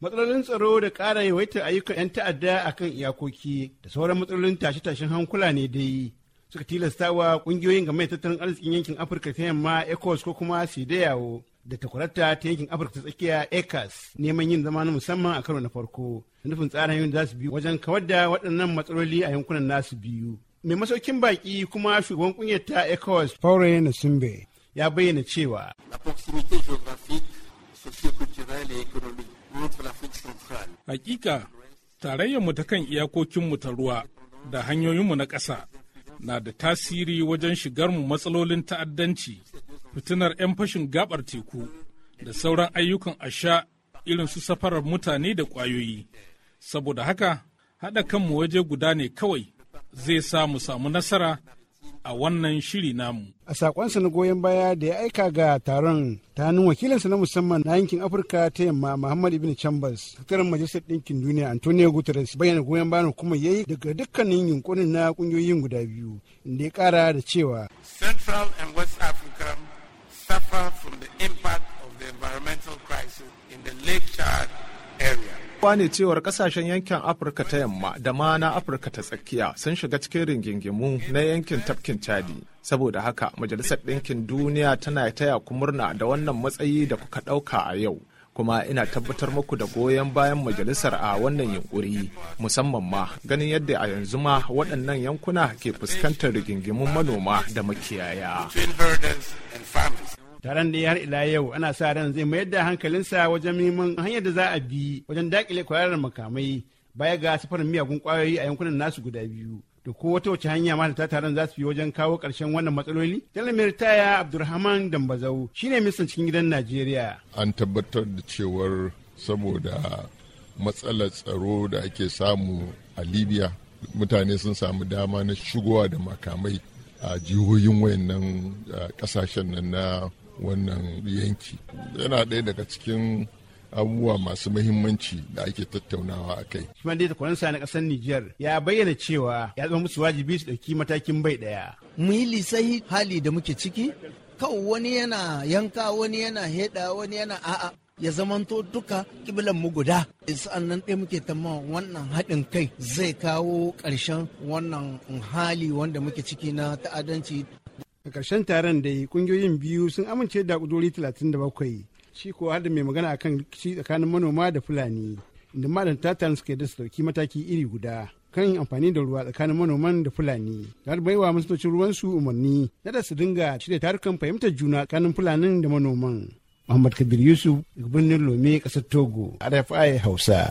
matsalolin tsaro da ƙara yawaitar ayyukan 'yan ta'adda a kan iyakoki da sauran matsalolin tashe-tashen hankula ne dai suka tilasta wa ƙungiyoyin game tattalin arzikin yankin afirka ta yamma ecos ko kuma sidayawo da takwarata ta yankin afirka ta tsakiya ecas neman yin zama na musamman a karo na farko da nufin tsarin yin za su biyu wajen kawar da waɗannan matsaloli a yankunan nasu biyu mai masaukin baki kuma shugaban ƙungiyar ta ecos faure sumbe. ya bayyana cewa la proximité Hakika, tarayyarmu ta kan iyakokinmu ta ruwa da hanyoyinmu na ƙasa na da tasiri wajen shigarmu matsalolin ta'addanci, fitinar 'yan fashin gabar teku da sauran ayyukan asha irin su safarar mutane da ƙwayoyi. Saboda haka, haɗa kanmu waje guda ne kawai zai sa mu samu nasara a wannan shiri namu. A sakonsa na goyon baya da ya aika ga taron ta hannun wakilinsa na musamman na yankin Afirka ta yamma Muhammad Ibn Chambers, sakataren Majalisar Ɗinkin Duniya Antonio Guterres bayyana goyon bayan kuma ya yi daga dukkanin yunkurin na ƙungiyoyin guda biyu inda ya ƙara da cewa. Central and West Africa suffer from the impact of the environmental crisis in the ne cewar kasashen yankin afirka ta yamma da ma na afirka ta tsakiya sun shiga cikin rigingimu na yankin tafkin chadi saboda haka majalisar ɗinkin duniya tana taya ku murna da wannan matsayi da kuka ɗauka a yau kuma ina tabbatar muku da goyon bayan majalisar a wannan yunkuri musamman ma ganin yadda a yanzu ma waɗannan yankuna ke fuskantar rigingimun manoma da makiyaya. Taron da ya har ila yau ana sa ran zai mayar da hankalinsa wajen muhimman hanyar da za a bi wajen dakile kwararar makamai baya ga safarin miyagun kwayoyi a yankunan nasu guda biyu. da ko wata wace hanya mata ta taron za su fi wajen kawo ƙarshen wannan matsaloli? janar mai ritaya Abdulrahman Dambazau shine ministan cikin gidan Najeriya. An tabbatar da cewar saboda matsalar tsaro da ake samu a Libya mutane sun samu dama na shigowa da makamai a jihohin wayannan kasashen nan na wannan yanki yana ɗaya daga cikin abubuwa masu mahimmanci da ake tattaunawa a kai. Shi dai takwaransa na ƙasar Nijar ya bayyana cewa ya zama musu wajibi su ɗauki matakin bai ɗaya. Mu yi lisahi hali da muke ciki, Kau wani yana yanka wani yana heɗa wani yana a'a. ya zamanto duka kibilan mu guda sa'annan ɗaya muke tamma wannan haɗin kai zai kawo ƙarshen wannan hali wanda muke ciki na ta'adanci a ƙarshen taron da ƙungiyoyin biyu sun amince da ƙudurori bakwai. shi ko har mai magana akan rikici tsakanin manoma da fulani inda malam tatan suka da su dauki mataki iri guda kan amfani da ruwa tsakanin manoman da fulani har baiwa masitocin ruwan su umarni na da su dinga shirya tarukan fahimtar juna tsakanin fulanin da manoman Muhammad Kabir Yusuf, birnin Lome, Kasar Togo, RFI Hausa.